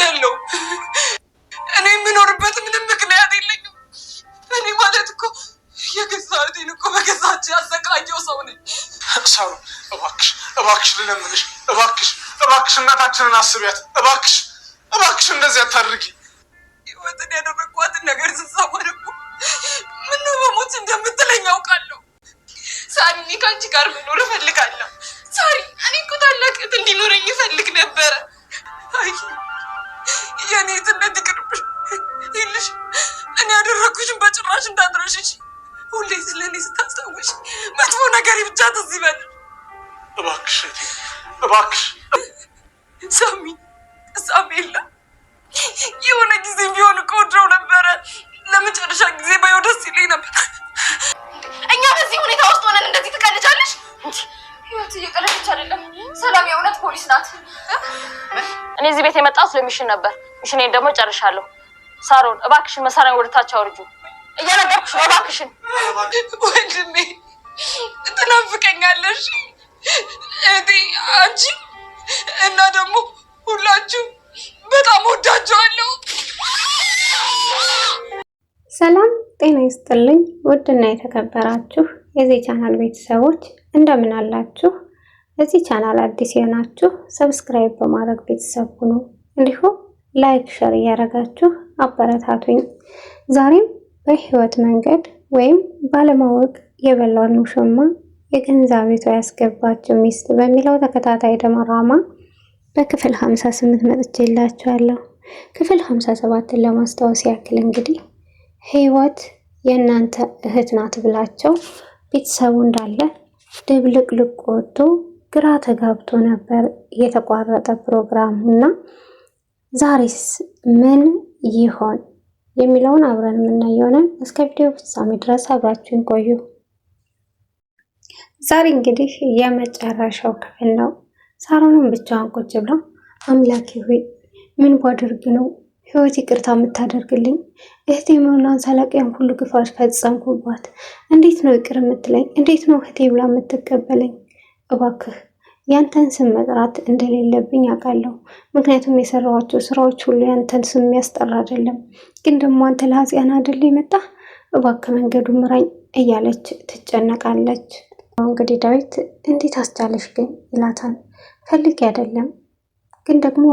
ያለው እኔ የምኖርበት ምንም ምክንያት የለኝም። እኔ ማለት እኮ የገዛ እህቴን እኮ በገዛች ያዘቃየው ሰው ነኝ። ሳሩ እባክሽ፣ እባክሽ ልለምንሽ፣ እባክሽ፣ እባክሽ እናታችንን አስቢያት፣ እባክሽ፣ እባክሽ እንደዚህ አታድርጊ። ህይወትን ያደረግኳትን ነገር ስሰማ ደግሞ ምነው በሞት እንደምትለኝ አውቃለሁ። ሳሪ፣ እኔ ከአንቺ ጋር መኖር እፈልጋለሁ። ሳሪ፣ እኔ እኮ ታላቅ እህት እንዲኖረኝ ይፈልጋል የኔ ትነት ይቅርብሽ። ይልሽ እኔ ያደረግኩሽን በጭራሽ እንዳትረሽሽ። ሁሌ ስለ እኔ ስታስታውሽ መጥፎ ነገር ብቻ ትዝ ይበል። እባክሽ እባክሽ። ሳሚ ሳሜላ፣ የሆነ ጊዜ ቢሆን እኮ ነበረ። ለመጨረሻ ጊዜ ባየው ደስ ይለኝ ነበር። እኛ በዚህ ሁኔታ ውስጥ ሆነን እንደዚህ ትቀልጃለሽ? ህይወት እየቀለደች አይደለም። ሰላም የእውነት ፖሊስ ናት። እኔ እዚህ ቤት የመጣሁት ለሚሽን ነበር እሺ እኔን ደግሞ ጨርሻለሁ። ሳሮን እባክሽን መሳሪያን ወደ ታች አውርጁ እየነገርኩሽ ነው። እባክሽን ወንድሜ ትናፍቀኛለሽ። እህቴ አንቺ እና ደግሞ ሁላችሁ በጣም ወዳችኋለሁ። ሰላም ጤና ይስጥልኝ። ውድና የተከበራችሁ የዚህ ቻናል ቤተሰቦች እንደምን አላችሁ? እዚህ ቻናል አዲስ የሆናችሁ ሰብስክራይብ በማድረግ ቤተሰብ ሁኑ። እንዲሁም ላይክ፣ ሸር እያደረጋችሁ አበረታቱኝ። ዛሬም በህይወት መንገድ ወይም ባለማወቅ የበላውን ውሽማ የገንዘብ ቤቷ ያስገባችው ሚስት በሚለው ተከታታይ ድራማ በክፍል 58 መጥቼላችኋለሁ። ክፍል 57ን ለማስታወስ ያክል እንግዲህ ህይወት የእናንተ እህት ናት ብላቸው ቤተሰቡ እንዳለ ድብልቅልቅ ወጥቶ ግራ ተጋብቶ ነበር የተቋረጠ ፕሮግራም። እና ዛሬስ ምን ይሆን የሚለውን አብረን የምናየው ይሆናል። እስከ ቪዲዮ ፍጻሜ ድረስ አብራችሁን ቆዩ። ዛሬ እንግዲህ የመጨረሻው ክፍል ነው። ሳሮንን ብቻዋን ቁጭ ብላ አምላኬ ሆይ ምን ባደርግ ነው ህይወት ይቅርታ የምታደርግልኝ? እህቴ መሆኗን ሳላቅ ሁሉ ግፋት ፈጸምኩባት። እንዴት ነው ይቅር የምትለኝ? እንዴት ነው እህቴ ብላ የምትቀበለኝ? እባክህ ያንተን ስም መጥራት እንደሌለብኝ አውቃለሁ። ምክንያቱም የሰራኋቸው ስራዎች ሁሉ ያንተን ስም የሚያስጠራ አይደለም። ግን ደግሞ አንተ ለሀጽያን አይደል የመጣ እባክህ መንገዱ ምራኝ እያለች ትጨነቃለች። እንግዲህ ዳዊት እንዴት አስቻለሽ ግን ይላታል። ፈልጌ አይደለም ግን ደግሞ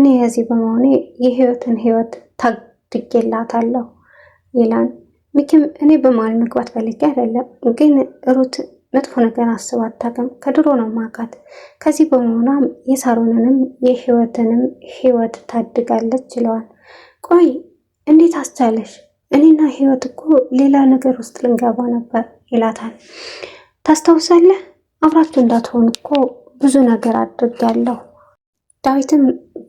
እኔ የዚህ በመሆኔ የህይወትን ህይወት ታድጌላታለሁ ይላል። ሚኪም እኔ በመሃል መግባት ፈልጌ አይደለም ግን ሩት መጥፎ ነገር አስብ አታውቅም። ከድሮ ነው ማውቃት። ከዚህ በመሆኗ የሳሮንንም የህይወትንም ህይወት ታድጋለች ይለዋል። ቆይ እንዴት አስቻለሽ? እኔና ህይወት እኮ ሌላ ነገር ውስጥ ልንገባ ነበር ይላታል። ታስታውሳለህ? አብራችሁ እንዳትሆን እኮ ብዙ ነገር አድርጋለሁ። ዳዊትም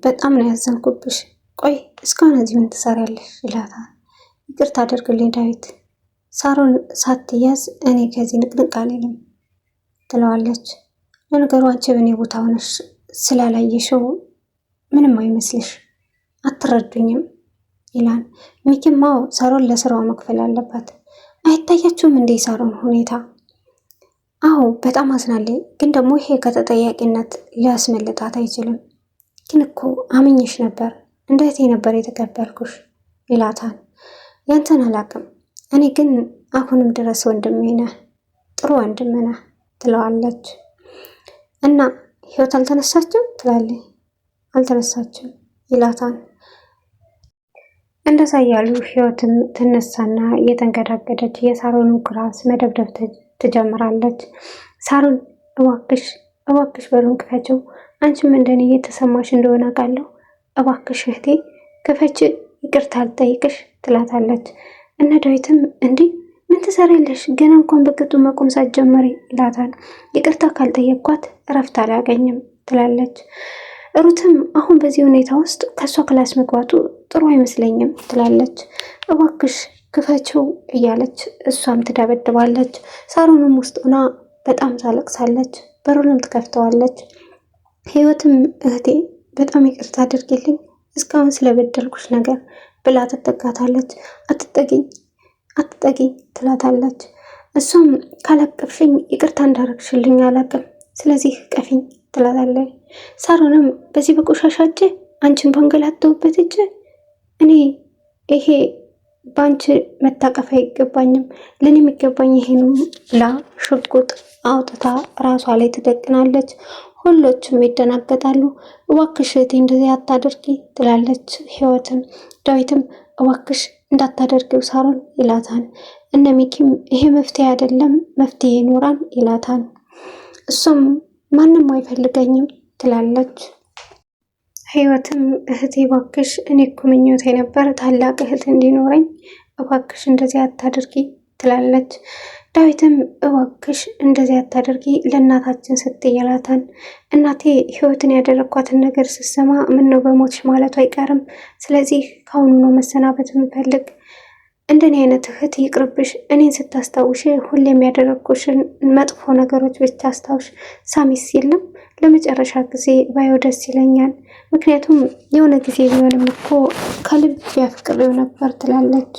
በጣም ነው ያዘንኩብሽ። ቆይ እስካሁን እዚህ ምን ትሰሪያለሽ? ይላታል። ይቅርታ አድርግልኝ ዳዊት ሳሮን ሳትያዝ እኔ ከዚህ ንቅንቅ አልልም ትለዋለች። ለነገሩ አንቺ በእኔ ቦታ ሆነሽ ስላላየሽው ምንም አይመስልሽ አትረዱኝም ይላል። ሚኪማው ሳሮን ለስራዋ መክፈል አለባት። አይታያችሁም እንዴ ሳሮን ሁኔታ? አዎ በጣም አዝናለኝ፣ ግን ደግሞ ይሄ ከተጠያቂነት ሊያስመልጣት አይችልም። ግን እኮ አምኜሽ ነበር፣ እንደ እህቴ ነበር የተቀበልኩሽ ይላታል። ያንተን አላቅም እኔ ግን አሁንም ድረስ ወንድሜ ነህ፣ ጥሩ ወንድም ነህ ትለዋለች። እና ህይወት አልተነሳችም ትላለች። አልተነሳችም ይላታል። እንደዛ እያሉ ህይወትን ትነሳና እየተንገዳገደች የሳሮንን ኩራስ መደብደብ ትጀምራለች። ሳሮን እባክሽ እባክሽ በሩን ክፈችው፣ አንቺም እንደኔ እየተሰማሽ እንደሆነ አውቃለሁ። እባክሽ እህቴ ክፈች፣ ይቅርታ አልጠይቅሽ ትላታለች። እነ ዳዊትም እንዲህ ምን ትሰሪያለሽ? ገና እንኳን በቅጡ መቆም ሳትጀምሪ ይላታል። ይቅርታ ካልጠየቅኳት እረፍት አላገኝም ትላለች። ሩትም አሁን በዚህ ሁኔታ ውስጥ ከእሷ ክላስ መግባቱ ጥሩ አይመስለኝም ትላለች። እባክሽ ክፈችው እያለች እሷም ትደበድባለች። ሳሮንም ውስጥ ሆና በጣም ታለቅሳለች። በሩንም ትከፍተዋለች። ህይወትም እህቴ በጣም ይቅርታ አድርጊልኝ እስካሁን ስለበደልኩሽ ነገር ብላ ትጠጋታለች። አትጠጊኝ አትጠጊኝ ትላታለች። እሷም ካላቀፍሽኝ ይቅርታ እንዳረግሽልኝ አላቅም፣ ስለዚህ ቀፊኝ ትላታለች። ሳሮንም በዚህ በቆሻሻ እጅ አንቺን ባንገላታሁበት እጅ እኔ ይሄ በአንቺ መታቀፍ አይገባኝም፣ ለእኔ የሚገባኝ ይሄ ነው ብላ ሽጉጥ አውጥታ ራሷ ላይ ትደቅናለች። ሁሎቹም ይደናገጣሉ። እባክሽ እህቴ እንደዚህ አታደርጊ ትላለች ህይወትም። ዳዊትም እባክሽ እንዳታደርጊው ሳሮን ይላታል። እነ ሚኪም ይሄ መፍትሄ አይደለም መፍትሄ ይኖራል ይላታል። እሷም ማንም አይፈልገኝም ትላለች። ህይወትም እህቴ እባክሽ እኔ እኮ ምኞቴ ነበር ታላቅ እህት እንዲኖረኝ፣ እባክሽ እንደዚህ አታደርጊ ትላለች። ዳዊትም እባክሽ እንደዚህ አታደርጊ ለእናታችን ስትይ ያላታል። እናቴ ህይወትን ያደረግኳትን ነገር ምን ምነው በሞትሽ ማለቱ አይቀርም። ስለዚህ ከአሁኑ ነው መሰናበት የምፈልግ። እንደኔ አይነት እህት ይቅርብሽ። እኔን ስታስታውሽ ሁሌም ያደረግኩሽን መጥፎ ነገሮች ብቻ አስታውሽ። ሳሚስ የለም ለመጨረሻ ጊዜ ባየው ደስ ይለኛል። ምክንያቱም የሆነ ጊዜ ቢሆንም እኮ ከልብ ያፍቅሬው ነበር ትላለች።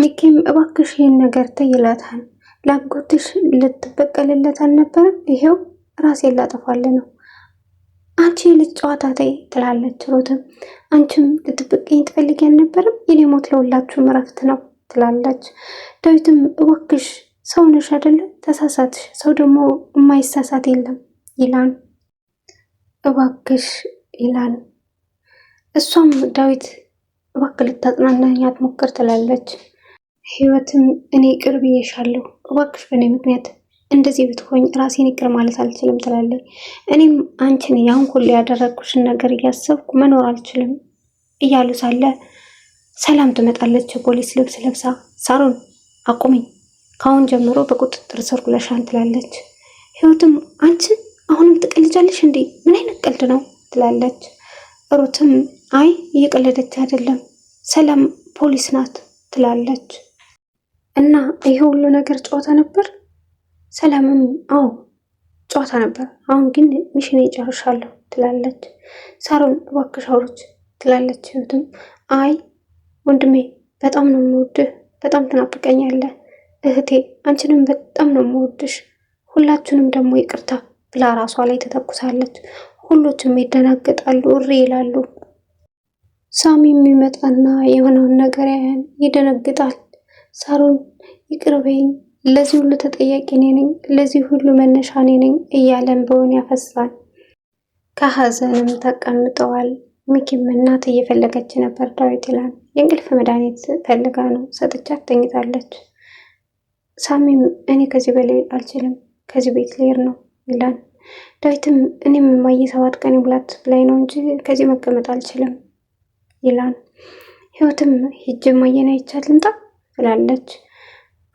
ሚኪም እባክሽ ይህን ነገር ተይላታል። ላጎትሽ ልትበቀልለት አልነበረም? ይሄው ራሴ ላጠፋል ነው። አንቺ ልጅ ጨዋታ ተይ ትላለች ሩትም። አንቺም ልትበቀኝ ትፈልጊ አልነበረም? የኔ ሞት ለሁላችሁም እረፍት ነው ትላለች። ዳዊትም እባክሽ ሰው ነሽ አይደለ? ተሳሳትሽ። ሰው ደግሞ የማይሳሳት የለም ይላል። እባክሽ ይላል። እሷም ዳዊት እባክህ ልታጽናናኝ አትሞክር ትላለች። ህይወትም እኔ ቅርብ እየሻለሁ እባክሽ በእኔ ምክንያት እንደዚህ ብትሆኝ ራሴን ይቅር ማለት አልችልም ትላለች። እኔም አንቺን ያሁን ሁሉ ያደረግኩሽን ነገር እያሰብኩ መኖር አልችልም እያሉ ሳለ ሰላም ትመጣለች፣ የፖሊስ ልብስ ለብሳ። ሳሮን አቁሚኝ፣ ከአሁን ጀምሮ በቁጥጥር ስር ውለሻል ትላለች። ህይወትም አንቺ አሁንም ትቀልጃለሽ እንዴ? ምን አይነት ቀልድ ነው ትላለች። ሩትም አይ እየቀለደች አይደለም፣ ሰላም ፖሊስ ናት ትላለች። እና ይሄ ሁሉ ነገር ጨዋታ ነበር። ሰላምም አዎ ጨዋታ ነበር፣ አሁን ግን ሚሽን ጨርሻለሁ ትላለች። ሳሮን እባክሽ አውሮች ትላለች። ህይወትም አይ ወንድሜ በጣም ነው የምወድህ፣ በጣም ትናፍቀኛለህ። እህቴ አንቺንም በጣም ነው የምወድሽ፣ ሁላችሁንም ደግሞ ይቅርታ ብላ ራሷ ላይ ተተኩሳለች። ሁሎችም ይደናገጣሉ፣ እሪ ይላሉ። ሳሚ የሚመጣና የሆነውን ነገር ያያል፣ ይደነግጣል። ሳሮን ይቅርበኝ፣ ለዚህ ሁሉ ተጠያቂ እኔ ነኝ፣ ለዚህ ሁሉ መነሻ እኔ ነኝ እያለ እንባውን ያፈሳል። ከሀዘንም ተቀምጠዋል። ሚኪም እናት እየፈለገች ነበር ዳዊት ይላል። የእንቅልፍ መድኃኒት ፈልጋ ነው ሰጥቻት ተኝታለች። ሳሚም እኔ ከዚህ በላይ አልችልም፣ ከዚህ ቤት ልሄድ ነው ይላል። ዳዊትም እኔም ማየ ሰባት ቀን ብላት ላይ ነው እንጂ ከዚህ መቀመጥ አልችልም ይላል። ህይወትም ሂጅ ማየን አይቻልም ትላለች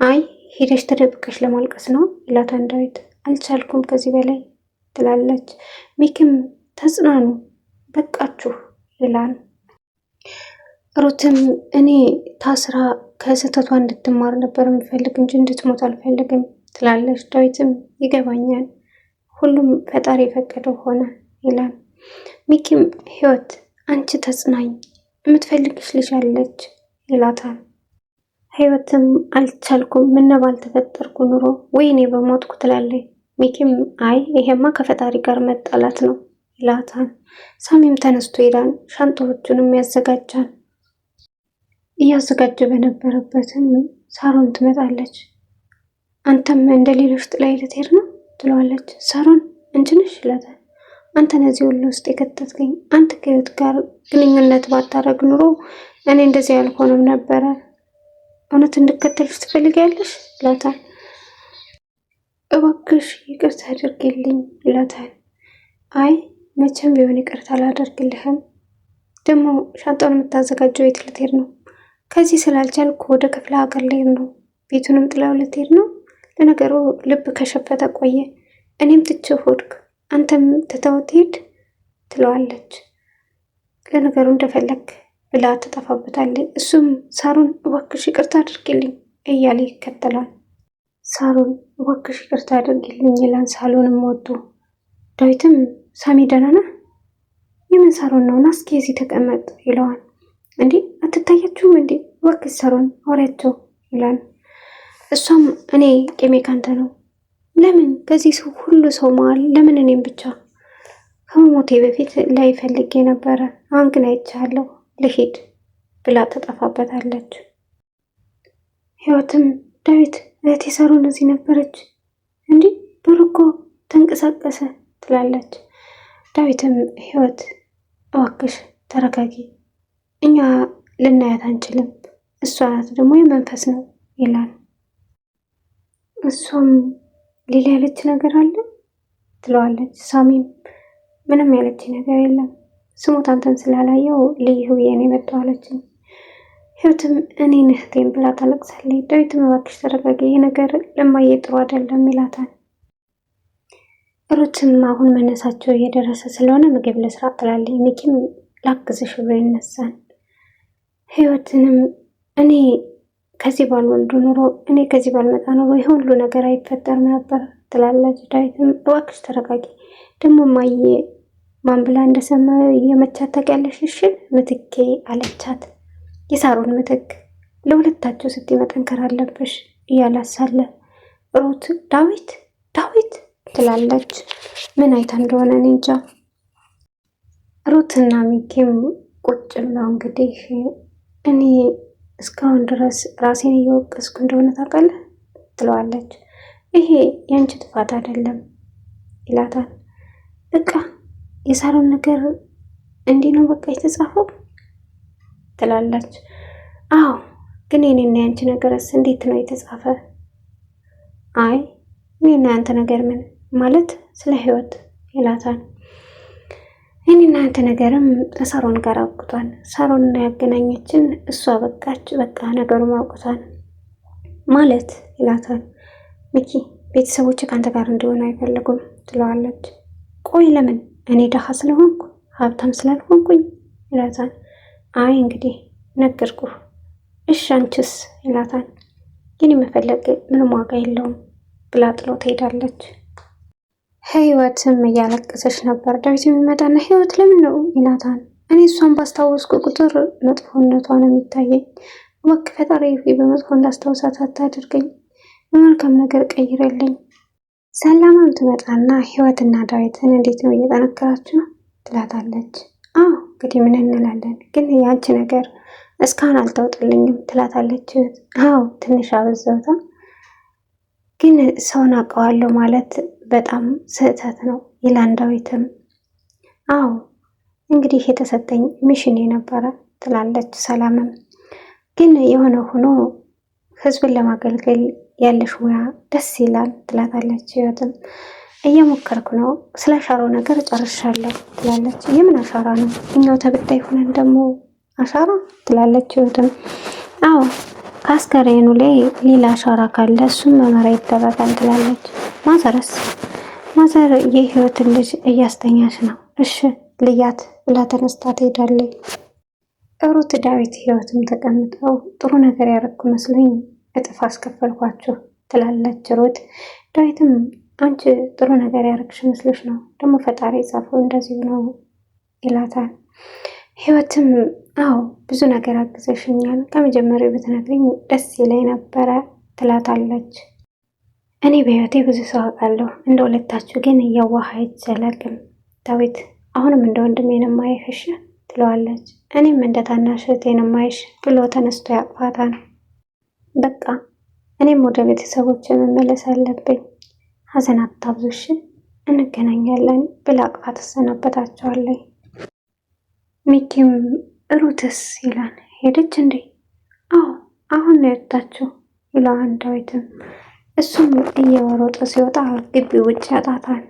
አይ ሄደሽ ተደብቀሽ ለማልቀስ ነው ይላታን ዳዊት። አልቻልኩም ከዚህ በላይ ትላለች። ሚክም ተጽናኑ፣ በቃችሁ ይላል። ሩትም እኔ ታስራ ከስህተቷ እንድትማር ነበር የምፈልግ እንጂ እንድትሞት አልፈልግም ትላለች። ዳዊትም ይገባኛል፣ ሁሉም ፈጣሪ የፈቀደው ሆነ ይላል። ሚኪም ህይወት አንቺ ተጽናኝ፣ የምትፈልግሽ ልጅ አለች ይላታል። ህይወትም አልቻልኩም፣ ምነው ባልተፈጠርኩ ኑሮ ወይኔ በሞትኩ ትላለች። ሚኪም አይ ይሄማ ከፈጣሪ ጋር መጣላት ነው ይላታል። ሳሚም ተነስቶ ይሄዳል። ሻንጣዎቹንም ያዘጋጃል። እያዘጋጀ በነበረበትም ሳሮን ትመጣለች። አንተም እንደ ሌሎች ጥላይ ልትሄድ ነው ትለዋለች። ሳሮን እንችነሽ ነሽ ይላታል። አንተ ነዚህ ሁሉ ውስጥ የከተትከኝ አንተ ከህይወት ጋር ግንኙነት ባታረግ ኑሮ እኔ እንደዚህ ያልሆነም ነበረ እውነት እንድከተልሽ ትፈልጊያለሽ ይላታል። እባክሽ ይቅርታ አድርግልኝ ይላታል። አይ መቼም ቢሆን ይቅርታ አላደርግልህም። ደግሞ ሻንጣውን የምታዘጋጀው የት ልትሄድ ነው? ከዚህ ስላልቻልኩ ወደ ክፍለ ሀገር ልሄድ ነው። ቤቱንም ጥላው ልትሄድ ነው። ለነገሩ ልብ ከሸፈተ ቆየ። እኔም ትቼ ሆድክ አንተም ትተው ትለዋለች። ለነገሩ እንደፈለግ ብላ ትጠፋበታለች። እሱም ሳሩን እባክሽ ይቅርታ አድርጊልኝ እያለ ይከተላል። ሳሩን እባክሽ ይቅርታ አድርጊልኝ ይላን ሳሎንም ወጡ። ዳዊትም ሳሚ ደህና ነህ? የምን ሳሮን ነው? ና እስኪ እዚህ ተቀመጥ ይለዋል። እንዴ አትታያችሁም እንዴ? እባክሽ ሳሮን አውሪያቸው ይላል። እሷም እኔ ቄሜ ካንተ ነው። ለምን ከዚህ ሰው ሁሉ ሰው መዋል ለምን እኔም ብቻ ከመሞቴ በፊት ላይ ፈልጌ ነበረ። አሁን ግን አይቻለሁ ልሂድ ብላ ተጠፋበታለች። ህይወትም ዳዊት እህቴ ሳሮን እዚህ ነበረች እንዲህ ብሩኮ ተንቀሳቀሰ ትላለች። ዳዊትም ህይወት እባክሽ ተረጋጊ፣ እኛ ልናያት አንችልም፣ እሷ ናት ደግሞ የመንፈስ ነው ይላል። እሷም ሌላ ያለች ነገር አለ ትለዋለች። ሳሚም ምንም ያለች ነገር የለም ስሙት አንተን ስላላየው ልዩ ብዬ ነው የመጣው አለችኝ። ህይወትም እኔን እህቴን ብላ ታለቅሳለች። ዳዊትም እባክሽ ተረጋጊ፣ ይህ ነገር ለማየ ጥሩ አይደለም ይላታል። ሩትም አሁን መነሳቸው እየደረሰ ስለሆነ ምግብ ለስራ ጥላለች። ሚኪም ላግዝሽ ብሎ ይነሳል። ህይወትንም እኔ ከዚህ ባልወልዱ ኑሮ እኔ ከዚህ ባልመጣ ኑሮ ይህ ሁሉ ነገር አይፈጠርም ነበር ትላለች። ዳዊትም እባክሽ ተረጋጊ ደግሞ ማየ ማን ብላ እንደሰማ የመቻት ታውቂያለሽ? እሺ ምትኬ አለቻት። የሳሮን ምትክ ለሁለታቸው ስት መጠንከር አለብሽ እያላሳለ ሩት ዳዊት ዳዊት ትላለች። ምን አይታ እንደሆነ እኔ እንጃ። ሩትና ሚኪም ቁጭ ብለው እንግዲህ እኔ እስካሁን ድረስ ራሴን እየወቀስኩ እንደሆነ ታውቃለህ ትለዋለች። ይሄ የአንቺ ጥፋት አይደለም ይላታል። በቃ የሳሎን ነገር እንዲህ ነው በቃ የተጻፈው ትላላች። አዎ ግን የኔና ያንቺ ነገርስ እንዴት ነው የተጻፈ? አይ እኔና ያንተ ነገር ምን ማለት ስለ ህይወት ይላታል። እኔና ያንተ ነገርም ከሳሮን ጋር አውቅቷል። ሳሮን ያገናኘችን እሷ በቃች፣ በቃ ነገሩ አውቅቷል ማለት ይላታል። ሚኪ ቤተሰቦች ከአንተ ጋር እንዲሆን አይፈልጉም ትለዋለች። ቆይ ለምን እኔ ደሃ ስለሆንኩ ሀብታም ስላልሆንኩኝ ይላታል። አይ እንግዲህ ነገርኩ እሺ አንቺስ ይላታል። ግን መፈለግ ምንም ዋጋ የለውም ብላ ጥሎ ትሄዳለች። ህይወትም እያለቀሰች ነበር። ዳዊት የሚመጣና ህይወት ለምን ነው ይላታል። እኔ እሷን ባስታወስኩ ቁጥር መጥፎነቷ ነው የሚታየኝ። እባክህ ፈጣሪ በመጥፎ እንዳስታውሳት አታድርገኝ፣ በመልካም ነገር ቀይረልኝ ሰላምም ትመጣና ህይወትና ዳዊትን እንዴት ነው እየጠነከራችሁ ነው ትላታለች። አዎ እንግዲህ ምን እንላለን ግን ያንቺ ነገር እስካሁን አልተውጥልኝም ትላታለች። አዎ ትንሽ አበዛውታ ግን ሰውን አውቀዋለሁ ማለት በጣም ስህተት ነው ይላን ዳዊትም። አዎ እንግዲህ የተሰጠኝ ሚሽን የነበረ ትላለች ሰላምም። ግን የሆነ ሆኖ ህዝብን ለማገልገል ያለሽ ሙያ ደስ ይላል ትላታለች። ህይወትም እየሞከርኩ ነው፣ ስለ አሻራው ነገር ጨርሻለሁ ትላለች። የምን አሻራ ነው? እኛው ተበዳይ ሆነን ደግሞ አሻራ ትላለች። ህይወትም አዎ ከአስከሬኑ ላይ ሌላ አሻራ ካለ እሱም መመራ ይደረጋል ትላለች። ማዘረስ ማዘር የህይወትን ልጅ እያስተኛች ነው። እሺ ልያት ብላ ተነስታ ትሄዳለች። ሩት ዳዊት ህይወትም ተቀምጠው ጥሩ ነገር ያደረግኩ መስሎኝ እጥፍ አስከፈልኳችሁ ትላለች ሩት። ዳዊትም አንቺ ጥሩ ነገር ያደረግሽ መስሎሽ ነው ደግሞ ፈጣሪ የጻፈው እንደዚሁ ነው ይላታል። ህይወትም አዎ ብዙ ነገር አግዘሽኛል፣ ከመጀመሪያው ብትነግሪኝ ደስ ይለኝ ነበረ ትላታለች። እኔ በህይወቴ ብዙ ሰው አውቃለሁ፣ እንደ ሁለታችሁ ግን እያዋህ አይዘለቅም። ዳዊት አሁንም እንደ ወንድሜ ነው የማይሽ ትለዋለች። እኔም እንደ ታናሽ እህቴ ነው የማይሽ ብሎ ተነስቶ ያቅፋታል። በቃ እኔም ወደ ቤተሰቦች መመለስ አለብኝ። ሀዘን አታብዙሽ፣ እንገናኛለን ብላ አቅፋ ትሰናበታቸዋለኝ። ሚኪም ሩትስ ይላል። ሄደች እንዴ? አዎ አሁን ነው የወጣችው ይለዋል ዳዊትም። እሱም እየወሮጠ ሲወጣ ግቢ ውጭ ያጣታል።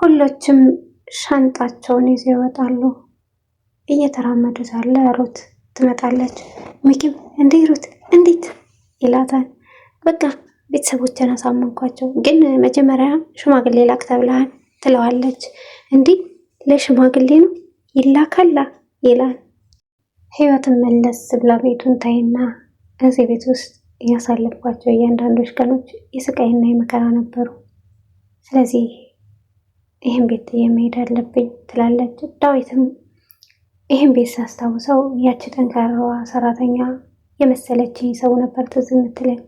ሁሎችም ሻንጣቸውን ይዘው ይወጣሉ። እየተራመዱ ሳለ ሩት ትመጣለች። ሚኪም እንዴ ሩት እንዴት ይላታል። በቃ ቤተሰቦችን አሳመንኳቸው፣ ግን መጀመሪያ ሽማግሌ ላክ ተብለሃል ትለዋለች። እንዲህ ለሽማግሌ ነው ይላካላ ይላል። ህይወትን መለስ ብላ ቤቱን ታይና እዚህ ቤት ውስጥ ያሳለፍኳቸው እያንዳንዶች ቀኖች የስቃይና የመከራ ነበሩ። ስለዚህ ይህን ቤት የመሄድ አለብኝ ትላለች። ዳዊትም ይህን ቤት ሳስታውሰው ያቺ ጠንካራዋ ሰራተኛ የመሰለችኝ ሰው ነበር ትዝ የምትለኝ።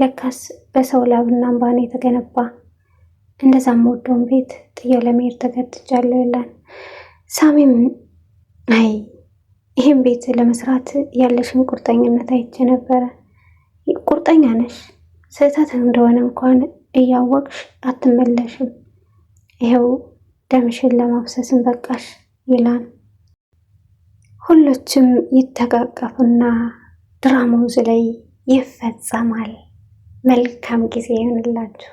ለካስ በሰው ላብና እንባ ነው የተገነባ። እንደዛም ወደውን ቤት ጥየው ለመሄድ ተገድጃለሁ ይላል ሳሚም። አይ ይህም ቤት ለመስራት ያለሽን ቁርጠኝነት አይቼ ነበረ። ቁርጠኛ ነሽ። ስህተት እንደሆነ እንኳን እያወቅሽ አትመለሽም። ይኸው ደምሽን ለማብሰስን በቃሽ ይላል። ሁሎችም ይተቃቀፉና ድራማው እዚህ ላይ ይፈጸማል። መልካም ጊዜ ይሆንላችሁ።